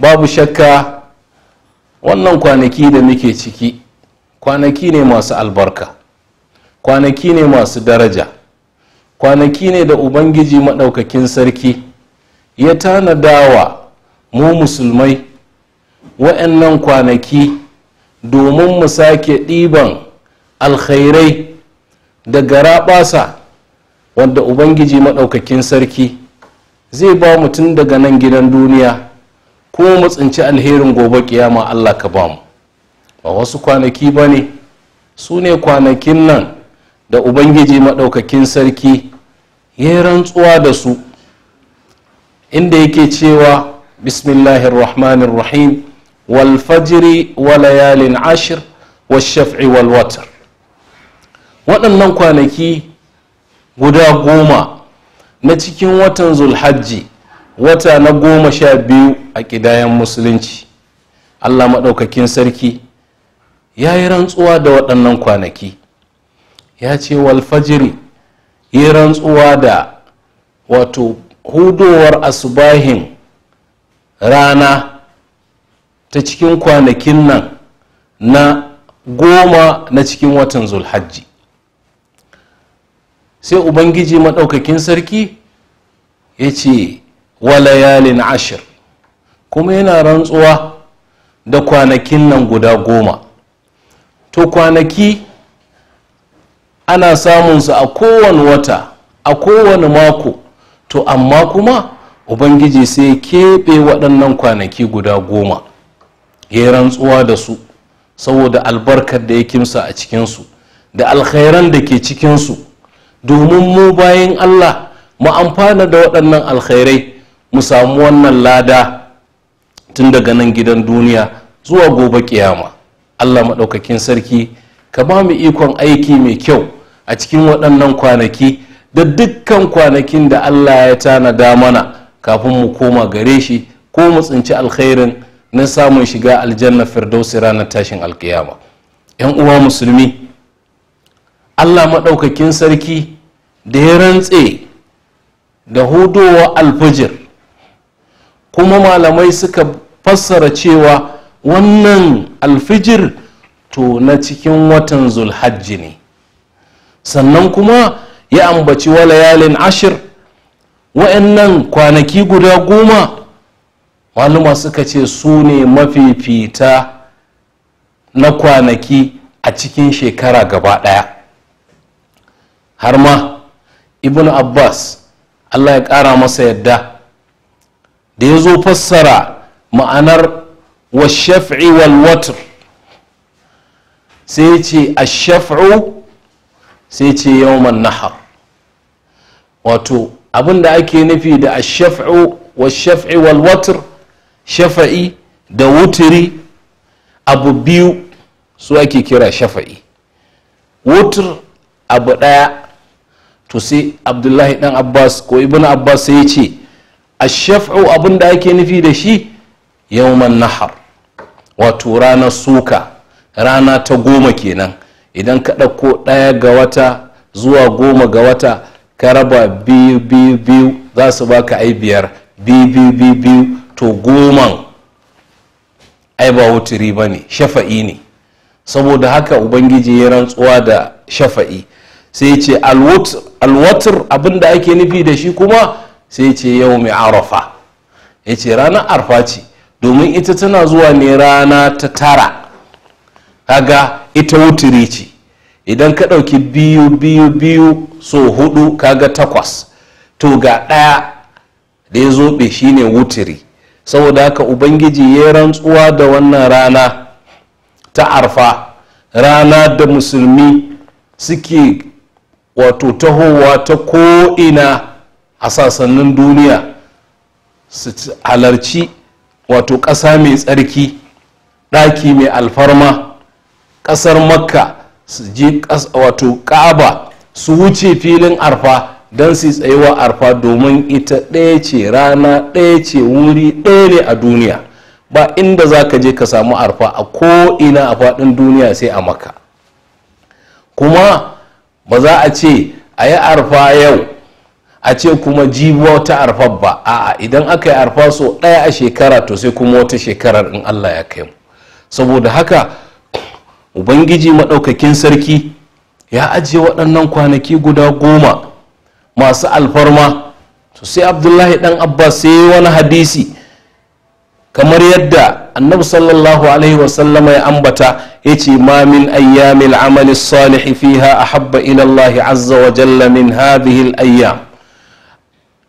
babu shakka wannan kwanaki da muke ciki kwanaki ne masu albarka kwanaki ne masu daraja kwanaki ne da ubangiji maɗaukakin sarki ya tanadawa mu musulmai wa'annan kwanaki domin mu sake ɗiban alkhairai da garaɓasa wanda ubangiji maɗaukakin sarki zai ba mutum daga nan gidan duniya kuma mu tsinci alherin gobe kiyama Allah ka ba mu ba wasu kwanaki ba ne su ne kwanakin nan da ubangiji maɗaukakin sarki ya rantsuwa da su inda yake cewa bismillahir rahmanir rahim wal fajri wa layalin ashir wa shaf'i wal watar waɗannan kwanaki guda goma na cikin watan zulhajji wata na goma sha biyu a ƙidayen musulunci allah maɗaukakin sarki ya yi rantsuwa da waɗannan kwanaki ya ce walfajiri yi rantsuwa da wato hudowar asubahin rana ta cikin kwanakin nan na goma na cikin watan zulhajji sai ubangiji maɗaukakin sarki ya ce wa layalin ashir kuma yana rantsuwa da kwanakin nan guda goma to kwanaki ana samunsa a kowane wata a kowane mako to amma kuma ubangiji sai ya keɓe waɗannan kwanaki guda goma ya yi rantsuwa da su saboda albarkar da ya kimsa a cikinsu da alkhairan da ke cikinsu domin mu bayan allah mu amfana da waɗannan alkhairai mu samu wannan lada tun daga nan gidan duniya zuwa gobe kiyama allah maɗaukakin sarki ka ba mu ikon aiki mai kyau a cikin waɗannan kwanaki da dukkan kwanakin da allah ya tanada mana kafin mu koma gare shi ko mu tsinci alkhairin na samun shiga aljanna firdausi ranar tashin alkiyama yan uwa musulmi allah maɗaukakin sarki da ya rantse da hudowa alfijir kuma malamai suka fassara cewa wannan alfijir to na cikin watan zulhajji ne sannan kuma ya ambaci walayalin ashir wa'annan kwanaki guda goma maluma suka ce su ne mafifita na kwanaki a cikin shekara gaba ɗaya har ma ibn abbas allah ya ƙara masa yadda da ya zo fassara ma'anar wa shaf'i wal watr sai ce a shaf'u sai ce yawman nahar wato abin ake nufi da a shaf'u wa shaf'i wal watr shafa'i da wuturi abu biyu su ake kira shafa'i wutur abu ɗaya to sai abdullahi dan abbas ko ibn abbas sai ya ce ashaf'u abin da ake nufi da shi yawman nahar wato ranar suka rana ta goma kenan idan ka ɗauko ɗaya ga wata zuwa goma ga wata ka raba biyu biyu biyu za su baka ai biyar biyu biyu biyu biyu to goman ai ba wuturi ba ne shafa'i ne saboda haka ubangiji ya rantsuwa da shafa'i sai ce alwatar abinda ake nufi da shi kuma sai ce yau mai arafa ya ce ranar arfa ce domin ita tana zuwa ne rana ta tara kaga ita wuturi ce idan ka ɗauki biyu biyu biyu so hudu kaga takwas to ga ɗaya da ya zobe shine wuturi saboda haka ubangiji ya rantsuwa da wannan rana ta arfa rana da musulmi suke wato tahowa ta ko'ina a sassanin duniya su halarci wato ƙasa mai tsarki ɗaki mai alfarma ƙasar makka su je wato ka'aba su wuce filin arfa don su wa arfa domin ita ɗaya ce rana ɗaya ce wuri ɗaya ne a duniya ba inda za ka je ka samu arfa a ko'ina a faɗin duniya sai a maka kuma ba za a ce a yi arfa yau a ce kuma jibo ta arfa ba a'a idan aka yi arfa so ɗaya a shekara to sai kuma wata shekarar in allah ya kai mu saboda haka ubangiji maɗaukakin sarki ya ajiye waɗannan kwanaki guda goma masu alfarma to sai abdullahi ɗan abbas sai wani hadisi kamar yadda annabi sallallahu alaihi wasallama ya ambata ya ce ma min ayyamil amali salihi fiha ahabba ila Allah azza wa jalla min hadhihi al-ayyam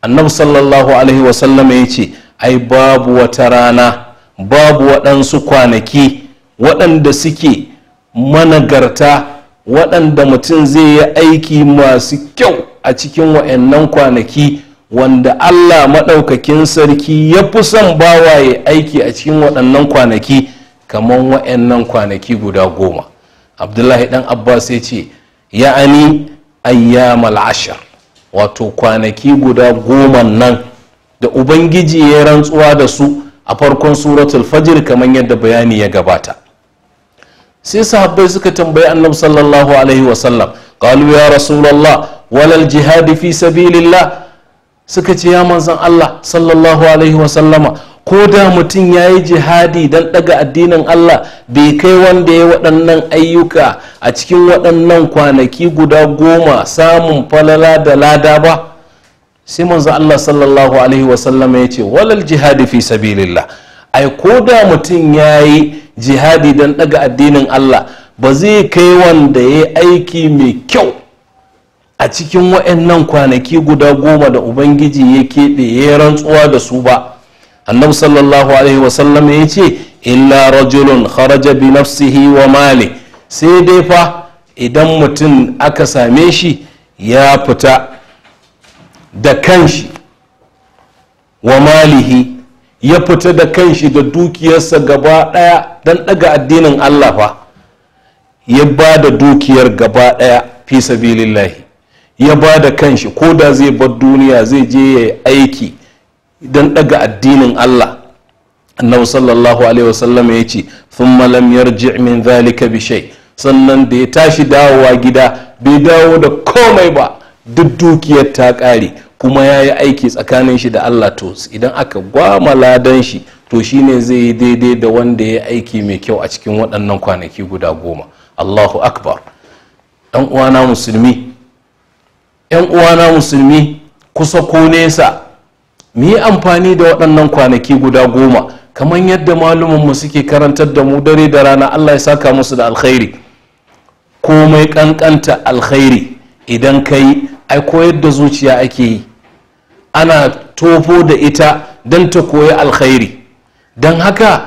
annabi sallallahu alaihi wasallam ya ce ai babu wata rana babu waɗansu kwanaki waɗanda suke managarta waɗanda mutum zai yi aiki masu kyau a cikin wa'annan kwanaki wanda allah maɗaukakin sarki ya fi son bawa ya aiki a cikin waɗannan kwanaki kamar wa'annan kwanaki guda goma abdullahi ɗan abbas ya ce ya'ani ayyamal ashar wato kwanaki guda goma nan da ubangiji ya rantsuwa da su a farkon suratul fajr kamar yadda bayani ya gabata sai sahabbai suka tambayi annabi sallallahu alaihi wasallam qalu ya rasulullah walal jihadi fi sabilillah suka ce ya manzon Allah sallallahu alaihi wasallama ko da mutum ya yi jihadi don daga addinin Allah bai kai wanda ya waɗannan ayyuka a cikin waɗannan kwanaki guda goma samun falala da lada ba sai manzo Allah sallallahu alaihi wasallama ya ce walal jihadi fi sabilillah ai ko da mutum ya yi jihadi don daga addinin Allah ba zai kai wanda ya aiki mai kyau a cikin waɗannan kwanaki guda goma da ubangiji ya keɓe ya rantsuwa da su ba annabi sallallahu alaihi wasallam ya ce illa rajulun kharaja bi nafsihi wa mali sai dai fa idan mutum aka same shi ya fita da kanshi wa malihi ya fita da kanshi da dukiyarsa gaba daya don daga addinin Allah fa ya ba da dukiyar gaba daya fi sabilillahi ya ba da kanshi ko da zai bar duniya zai je ya aiki idan daga addinin Allah annabi sallallahu alaihi wasallam ya ce sun lam yarji min zalika bishai sannan da ya tashi dawowa gida bai dawo da komai ba duk dukiyar ta kare kuma ya yi aiki tsakanin shi da Allah to idan aka gwama ladan shi to shine zai yi daidai da wanda ya aiki mai kyau a cikin waɗannan kwanaki guda goma Allahu akbar ɗan uwana musulmi ‘yan uwana musulmi kusa ko nesa mu yi amfani da waɗannan kwanaki guda goma kamar yadda mu suke karantar da mu dare da rana allah ya saka musu da alkhairi komai ƙanƙanta alkhairi idan ka yi ai koyar da zuciya ake yi ana tofo da ita don ta koyi alkhairi don haka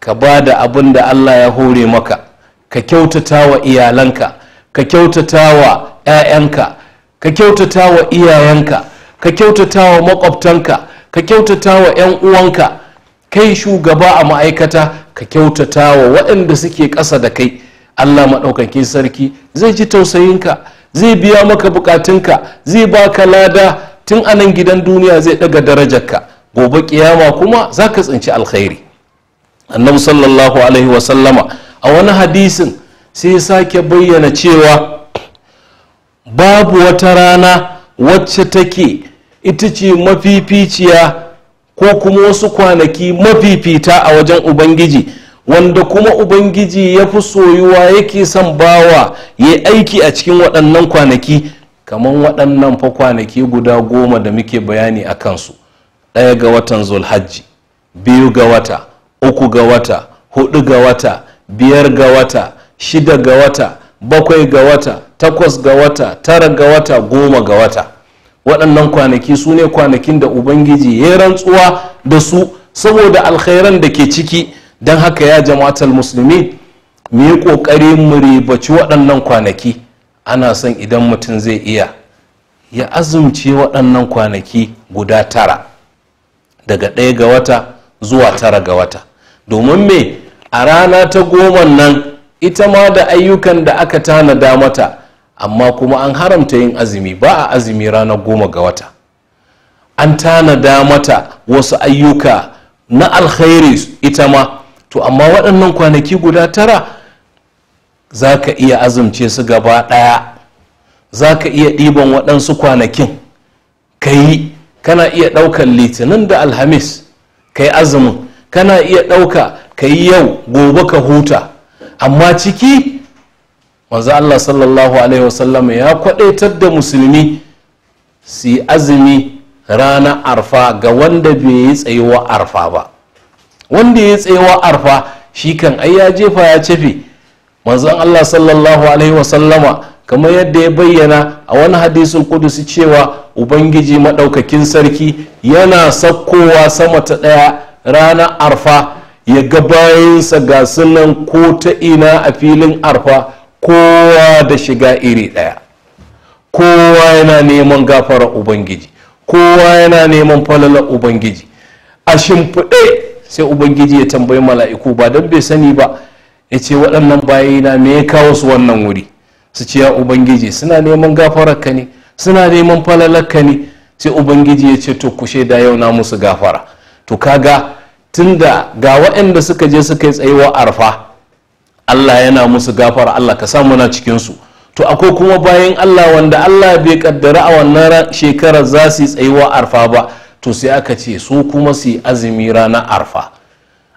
ka ba da abin da allah ya hore maka ka kyautata wa iyalanka ka kyautata wa 'ya'yanka ka kyautata wa iyayenka ka kyautata wa makwabtanka ka kyautata wa 'yan uwanka kai shugaba a ma'aikata ka kyautata wa waɗanda suke ƙasa da kai allah maɗaukakin sarki zai ji tausayinka zai biya maka bukatunka zai baka lada tun anan gidan duniya zai ɗaga darajarka gobe ƙiyama kuma za ka tsinci alkhairi annabi sallallahu alaihi sallama a wani hadisin sai ya sake bayyana cewa babu wata rana wacce take ita ce mafificiya ko kuma wasu kwanaki mafifita a wajen ubangiji wanda kuma ubangiji ya fi soyuwa yake son bawa ya aiki a cikin waɗannan kwanaki kamar waɗannan fa kwanaki guda goma da muke bayani a kansu ɗaya ga watan zulhajji biyu ga wata uku ga wata hudu ga wata biyar ga wata shida ga wata bakwai ga wata takwas ga wata tara ga wata goma ga wata waɗannan kwanaki su ne kwanakin da ubangiji ya rantsuwa da su saboda alkhairan da ke ciki don haka ya jama'atar musulmi mu yi ƙoƙari mu ribaci waɗannan kwanaki ana son idan mutum zai iya ya azumce waɗannan kwanaki guda tara daga ɗaya ga wata zuwa tara ga wata domin me a rana ta goma nan ita ma da ayyukan da aka tanada mata amma kuma an haramta yin azumi ba a azumi ranar goma ga wata an tanada mata wasu ayyuka na alkhairi ita ma to amma waɗannan kwanaki guda tara za ka iya azumce su gaba ɗaya za ka iya ɗiban waɗansu kwanakin ka yi kana iya ɗaukar litinin da alhamis ka yi azumin kana iya ɗauka ka yi yau gobe ka huta amma ciki manzo Allah sallallahu alaihi wasallam ya kwadaitar da musulmi su azumi rana arfa ga wanda bai yi tsayuwa arfa ba wanda ya yi tsayuwa arfa shi kan ai ya jefa ya cefe manzon Allah sallallahu alaihi wasallama kamar yadda ya bayyana a wani hadisin kudusi cewa ubangiji maɗaukakin sarki yana sakkowa sama ta ɗaya rana arfa ya ga bayansa ga sunan ko ta ina a filin arfa kowa da shiga iri ɗaya kowa yana neman gafara ubangiji kowa yana neman falala ubangiji a shimfiɗe sai ubangiji ya tambayi mala'iku ba don bai sani ba ya ce waɗannan na me ya kawo su wannan wuri su ce ya ubangiji suna neman gafararka ne suna neman ka ne sai ubangiji ya ce to ku shaida yau na musu gafara to kaga tunda ga waɗanda suka je suka yi tsayuwa arfa Allah yana musu gafara Allah ka samu na cikinsu to akwai kuma bayan Allah wanda Allah bai kaddara a wannan shekarar za su yi tsayuwa arfa ba to sai aka ce su kuma su yi azumi ranar arfa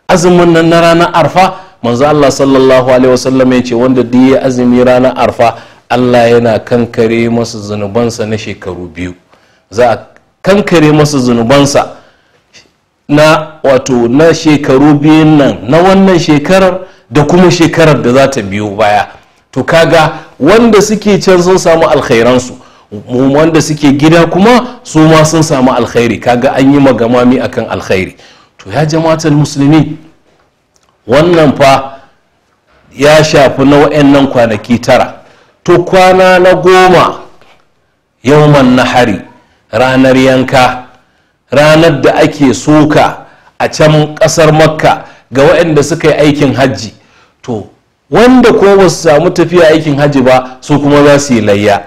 azumin nan na ranar arfa manzo Allah sallallahu alaihi wasallam ya ce wanda duk ya azumi ranar arfa Allah yana kankare masa zunubansa na shekaru biyu za a kankare masa zunubansa na wato na shekaru biyun nan na wannan shekarar da kuma shekarar da za ta biyo baya to kaga wanda suke can sun samu alkhairansu wanda suke gida kuma su ma sun samu alkhairi kaga an yi magamami akan alkhairi to ya jama'atul musulmi wannan fa ya shafi na wa'annan kwanaki tara to kwana na goma na hari ranar yanka ranar da ake soka a can ƙasar makka ga waɗanda suka yi aikin hajji to wanda kuma ba su samu tafiya aikin hajji ba su kuma za su yi layya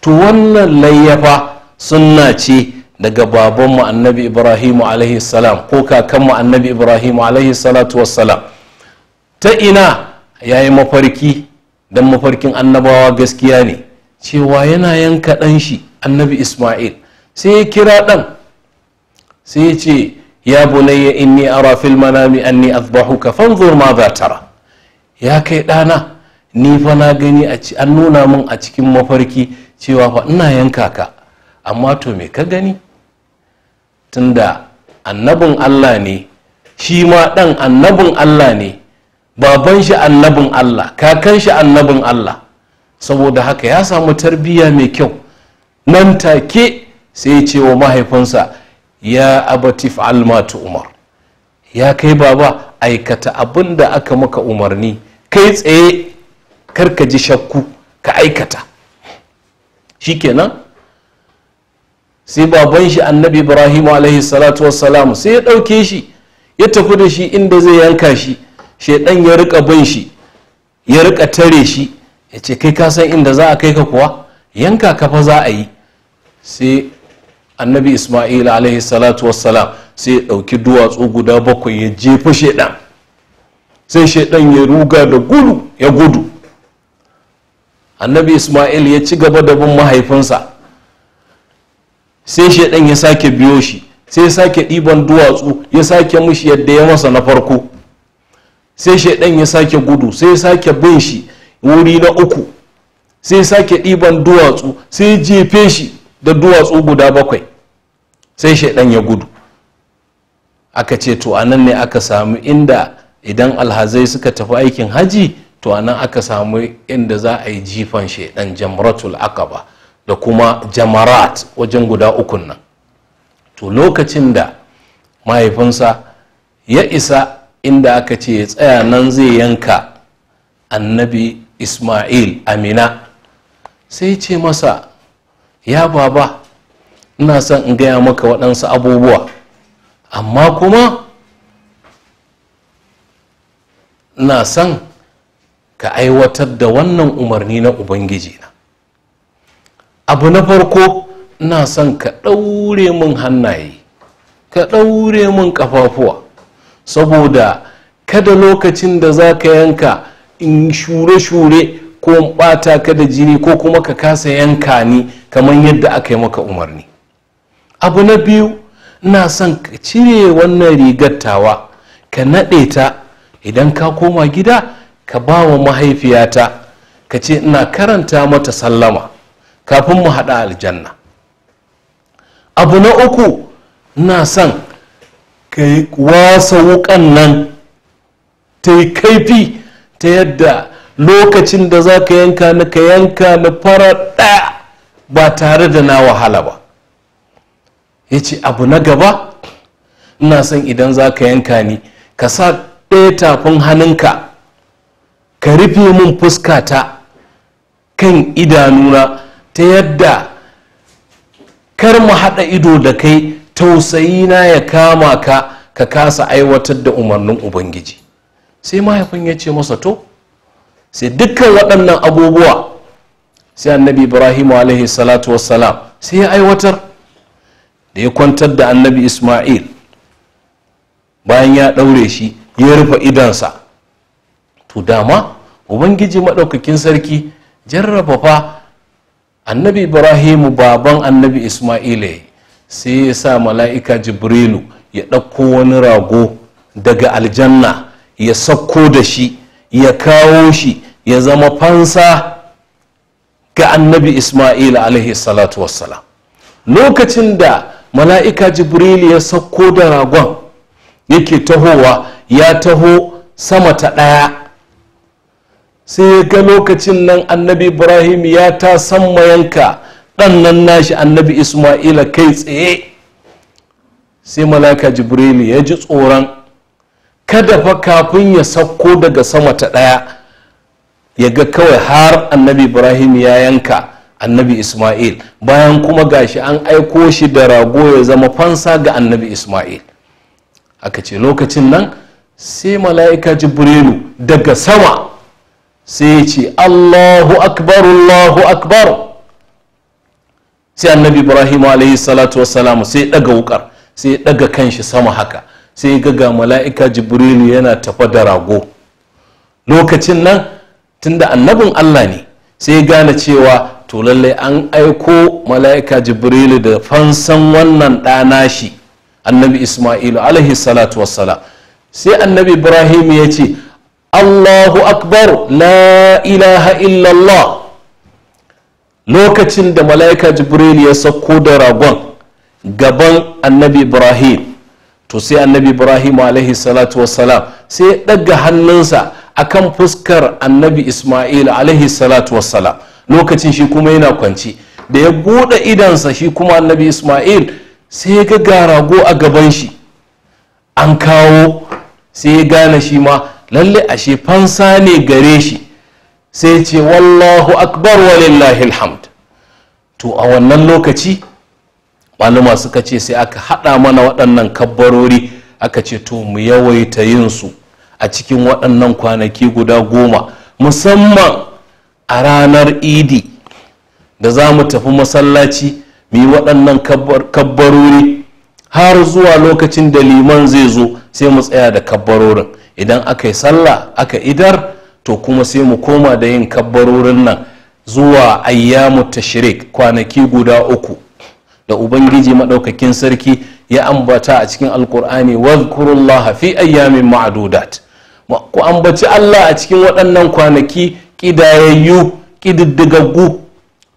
to wannan layyafa sunna ce daga babanmu annabi ibrahimu alaihi salam ko kakanmu annabi ibrahimu alaihi salatu wassalam ta ina ya yi mafarki don mafarkin annabawa gaskiya ne cewa yana yanka ɗan shi annabi isma'il sai ya kira ɗan sai ya ce ya bunayya inni ara fil manami anni azbahuka fanzur ma za tara ya kai ɗana ni fa na gani an nuna min a cikin mafarki cewa fa ina yanka ka amma to me ka gani tunda annabin allah ne shi ma ɗan annabin allah ne baban shi annabin allah kakan shi annabin allah saboda haka ya samu tarbiyya mai kyau nan take sai ya ce wa mahaifinsa ya abatif almatu umar ya kai baba aikata abin da aka maka umarni kai tsaye karka ji shakku ka aikata shi shikenan sai baban shi annabi ibrahim alaihi salatu wassalam sai ya ɗauke shi ya tafi da shi inda zai yanka shi shaidan ya rika bin shi ya rika tare shi ya ce kai kasan inda za a kai ka kuwa yanka kafa za a yi sai annabi ismail alaihi salatu wassalam sai ya ɗauki duwatsu guda bakwai ya jefa shaidan sai shaidan ya ruga da gudu ya gudu annabi ismail ya ci gaba da bin mahaifinsa sai shaidan ya sake biyo shi sai sake ɗiban duwatsu ya sake mushi yadda ya masa na farko sai shaidan ya sake gudu sai ya sake bin shi wuri na uku sai sake ɗiban duwatsu sai jefe shi da duwatsu guda bakwai sai shaidan ya gudu aka ce to a nan ne aka samu inda idan alhazai suka tafi aikin haji to anan aka samu inda za a yi jifan shaidan jamratul akaba da kuma jamarat wajen guda ukun nan to lokacin da mahaifinsa ya isa inda aka ce ya tsaya nan zai yanka annabi ismail amina sai ce masa ya baba ina son in gaya maka waɗansu abubuwa amma kuma na son ka aiwatar da wannan umarni na ubangiji na abu na farko na son ka ɗaure min hannaye ka ɗaure min ƙafafuwa saboda kada lokacin da za ka yanka in shure-shure ko in ɓata ka da jini ko kuma ka kasa yanka ni kamar yadda aka yi maka umarni abu na biyu na son ka cire wannan rigattawa ka naɗe ta idan ka koma gida ka ba wa mahaifiyata ka ce ina karanta mata sallama kafin mu haɗa aljanna abu na uku na son ka yi wasa wukan nan ta yi kaifi ta yadda lokacin da za ka yanka na ka yanka na fara ɗaya ba tare da na wahala ba ya ce abu na gaba ina son idan za ka yanka ni ka sa ɗaya tafin hannunka ka rufe min fuskata kan idanuna ta yadda kar mu haɗa ido da kai tausayi na ya kama ka ka kasa aiwatar da umarnin ubangiji sai mahaifin ya ce masa to sai dukkan waɗannan abubuwa sai annabi ibrahim alaihi salatu wassalam sai ya aiwatar da ya kwantar da annabi ismail bayan ya ɗaure shi ya rufe idonsa to dama ubangiji maɗaukakin sarki jarraba fa annabi ibrahimu baban annabi ismaila sai ya sa mala'ika jibrilu ya ɗauko wani rago daga aljanna ya sauko da shi ya kawo shi ya zama fansa ga annabi ismail alaihi salatu wassalam lokacin da mala'ika jibril ya sauko da ragon yake tahowa ya taho sama ta ɗaya sai ya ga lokacin nan annabi ibrahim ya ta san yanka ɗannan nashi annabi isma'ila kai tsaye sai malaka jibrilu ya ji tsoron kada fa kafin ya sauko daga sama ta ɗaya ya ga kawai har annabi ibrahim ya yanka annabi isma'il bayan kuma gashi an aiko shi da rago ya zama fansa ga annabi isma'il aka ce lokacin nan sai mala'ika jibrilu daga sama sai ya ce allahu akbar allahu akbar sai annabi ibrahim alayhi salatu wasalamu sai daga wukar sai daga kanshi sama haka sai ya ga mala'ika jibrilu yana tafa da rago lokacin nan tunda annabin allah ne sai gane cewa to lallai an aiko mala'ika jibrilu da fansan wannan ɗana shi annabi ismailu alayhi salatu wassalam sai annabi ibrahim ya ce allahu akbar la ilaha illallah lokacin da mala'ika jibril ya sauko da ragon gaban annabi ibrahim to sai annabi ibrahim alaihi salatu wassalam sai ya ɗaga hannunsa akan fuskar annabi ismail alaihi salatu wassalam lokacin shi kuma yana kwanci da ya buɗe idansa shi kuma annabi ismail sai ya ga rago a gaban shi an kawo sai ya gane shi ma lalle ashe fansa ne gare shi sai ce wallahu akbar walillahi alhamd to a wannan lokaci malama suka ce sai aka haɗa mana waɗannan kabbarori aka ce to mu yawaita yin su a cikin waɗannan kwanaki guda goma musamman a ranar idi da za mu tafi masallaci mu yi waɗannan kabbarori har zuwa lokacin da liman zai zo sai mu tsaya da kabbarorin idan aka yi sallah aka idar to kuma sai mu koma da yin kabbarorin nan zuwa ayyamu tashrik kwanaki guda uku da ubangiji maɗaukakin sarki ya ambata a cikin alkur'ani wadhkurullah fi ayyamin ma'adudat ku ambaci Allah a cikin waɗannan kwanaki ƙidayayyu ƙididdigagu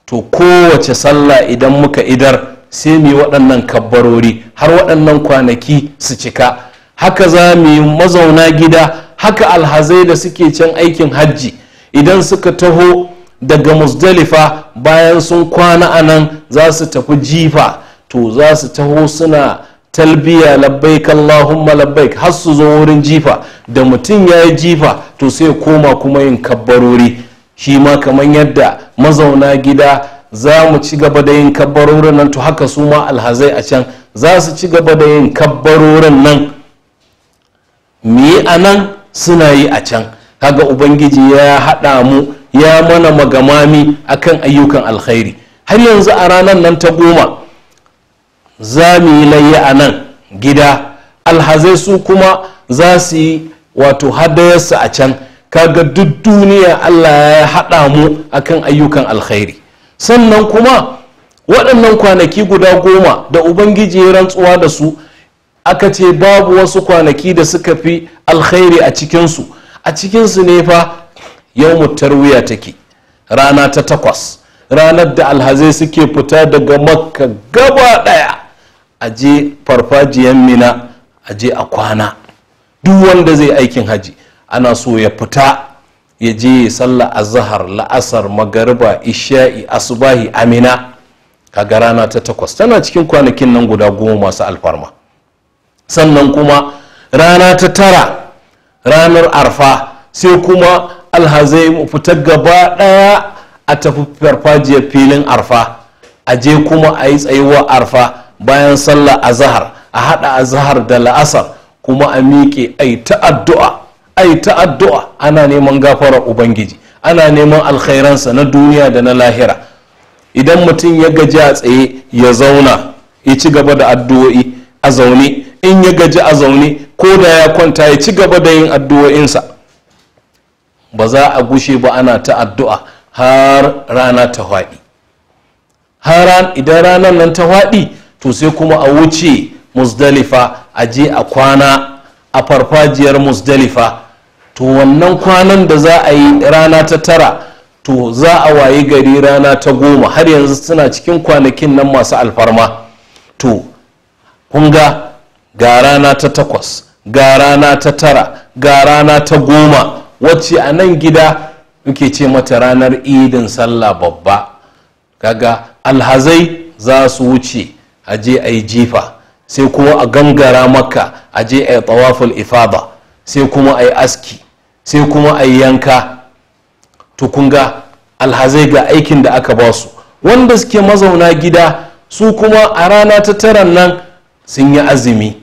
to kowace sallah idan muka idar sai mu yi waɗannan kabbarori har waɗannan kwanaki su cika haka za mu yi mazauna gida haka alhazai da suke can aikin hajji idan suka taho daga musdalifa bayan sun kwana a nan za su tafi jifa to za su taho suna talbiya labbaik allahumma labbaik har su zo wurin jifa da mutum ya yi jifa to sai koma kuma yin kabbarori shi ma kamar yadda mazauna gida za mu ci gaba da yin kabbarorin nan to haka su ma alhazai a can za su ci gaba da yin kabbarorin nan mu a nan suna yi a can kaga ubangiji ya haɗa mu ya mana magamami akan ayyukan alkhairi har yanzu a ranar nan ta goma za mu yi layya a nan gida alhazai su kuma za su yi wato hadayarsu a can kaga duk duniya allah ya haɗa mu akan ayyukan alkhairi sannan kuma waɗannan kwanaki guda goma da ubangiji ya rantsuwa da su aka ce babu wasu kwanaki da suka fi alkhairi a cikinsu a cikinsu ne fa yau wuya take rana ta takwas ranar da alhazai suke fita daga makka gaba ɗaya a je farfajiyan mina a je a kwana duk wanda zai aikin haji ana so ya fita ya je ya salla azhar la'asar magariba isha'i asubahi amina kaga rana ta takwas tana cikin kwanakin nan guda goma masu alfarma sannan kuma rana ta tara ranar arfa sai kuma alhazai mu fita gaba daya a tafi farfajiyar filin arfa a je kuma a yi tsayuwa arfa bayan sallah azahar a hada azahar da la'asar kuma a miƙe a yi ta addu'a ai ta addu'a ana neman gafarar ubangiji ana neman alkhairansa na duniya da na lahira idan mutum ya gaji a tsaye ya zauna ya ci gaba da addu'o'i a zaune in ya gaji a zaune ko da ya kwanta ya ci gaba da yin addu'o'insa ba za a gushe ba ana ta'addu'a addu'a har rana ta haɗi idan ranar nan ta haɗi to sai kuma a wuce musdalifa a je a kwana a farfajiyar musdalifa to wannan kwanan da za a yi rana ta tara to za a wayi gari rana ta goma har yanzu suna cikin kwanakin nan masu alfarma to kunga ga rana ta takwas ga rana ta tara ga rana ta goma wacce a nan gida muke ce mata ranar idin sallah babba kaga alhazai za su wuce a je a yi jifa sai kuma a gangara maka a je a yi tawaful ifada sai kuma a yi aski sai kuma a yi yanka tukunga alhazai ga aikin da aka ba su wanda suke mazauna gida su kuma a rana ta taran nan sun yi azumi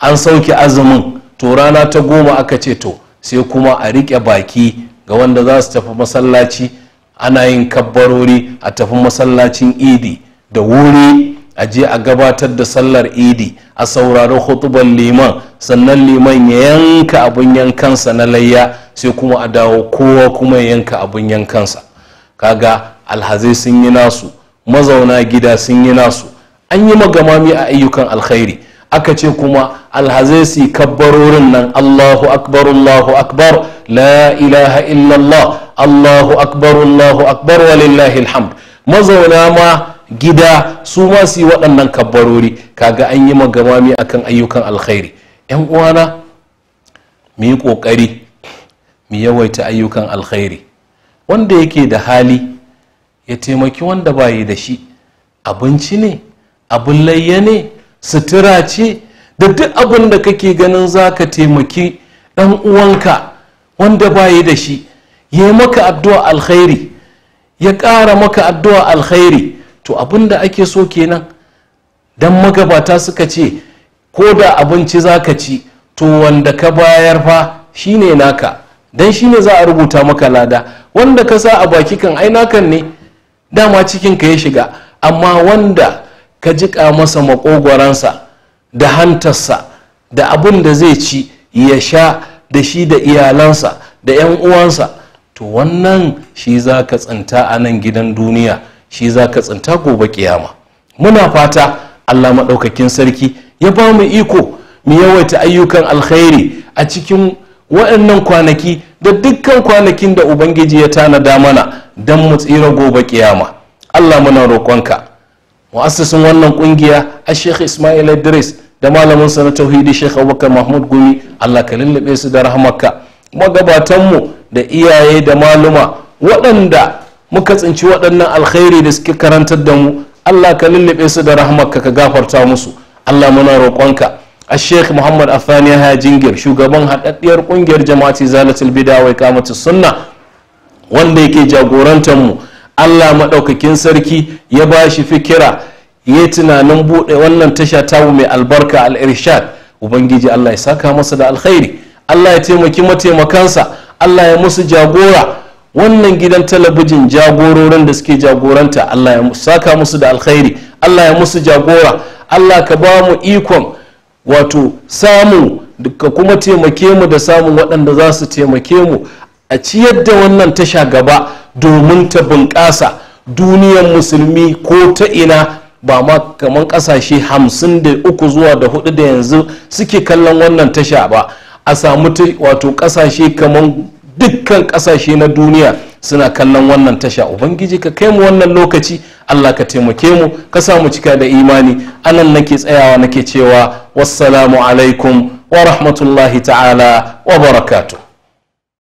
an sauke azumin to rana ta goma aka ce to sai kuma a riƙe baki ga wanda za su tafi masallaci ana yin kabbarori a tafi masallacin idi da wuri a je a gabatar da sallar idi a saurari hutubar liman sannan liman ya yanka abin yankansa na layya sai kuma a dawo kowa kuma yanka abin yankansa kaga alhazai sun yi nasu mazauna gida sun yi nasu an yi magamami a ayyukan alkhairi aka ce kuma alhazai su kabbarorin nan allahu akbar allahu akbar la ilaha illallah allahu akbar allahu akbar walillahi alhamd mazauna ma gida su ma su yi waɗannan kabbarori kaga an yi magamami akan ayyukan alkhairi yan uwana mu yi ƙoƙari mu yawaita ayyukan alkhairi wanda yake da hali ya taimaki wanda bayi da shi abinci ne abin layya ne sutura ce da duk abin da kake ganin za ka taimaki ɗan uwanka wanda bayi da shi ya yi maka addu'a alkhairi ya ƙara maka addu'a alkhairi to abin da ake so kenan don magabata suka ce ko da abinci za ka ci to wanda ka bayar fa shine naka don shine za a rubuta maka lada wanda ka sa a baki kan ai nakan ne dama cikin ka ya shiga amma wanda ka jiƙa masa makogwaransa da hantarsa da abin da zai ci ya sha da shi da iyalansa da 'yan uwansa to wannan shi za ka tsinta a nan gidan duniya shi za ka tsinta gobe kiyama muna fata allah maɗaukakin sarki ya ba mu iko mu yawaita ayyukan alkhairi a cikin waɗannan kwanaki da dukkan kwanakin da ubangiji ya tanada mana don mu tsira gobe kiyama allah muna roƙonka mu'assasin wannan ƙungiya a sheikh ismail idris da malamin sa na tauhidi sheikh abubakar mahmud gumi allah ka lullube su da rahamarka magabatanmu da iyaye da maluma waɗanda muka tsinci waɗannan alkhairi da suke karantar da mu allah ka lullube su da rahmarka ka gafarta musu allah muna roƙonka a sheikh muhammad afani ya jingir shugaban haɗaɗɗiyar ƙungiyar jama'ati zalatul bida wai kamata sunna wanda yake jagorantar mu allah maɗaukakin sarki ya ba shi fikira ya yi tunanin buɗe wannan tasha mu mai albarka al-irshad ubangiji allah ya saka masa da alkhairi allah ya taimaki mataimakansa allah ya musu jagora wannan gidan talabijin jagororin da suke jagoranta Allah ya saka musu da alkhairi Allah ya musu jagora Allah ka ba mu ikon wato samu ka kuma taimake mu da samun waɗanda za su taimake mu a ciyar da wannan tasha gaba domin ta bunƙasa duniyar musulmi ko ta ina ba ma kamar ƙasashe hamsin da uku zuwa da hudu da yanzu suke kallon wannan tasha ba a samu wato ƙasashe kamar dukkan ƙasashe na duniya suna kallon wannan tasha ubangiji ka kai mu wannan lokaci allah ka taimake mu ka samu cika da imani anan nake tsayawa nake cewa wassalamu alaikum wa rahmatullahi ta'ala wa barakatu.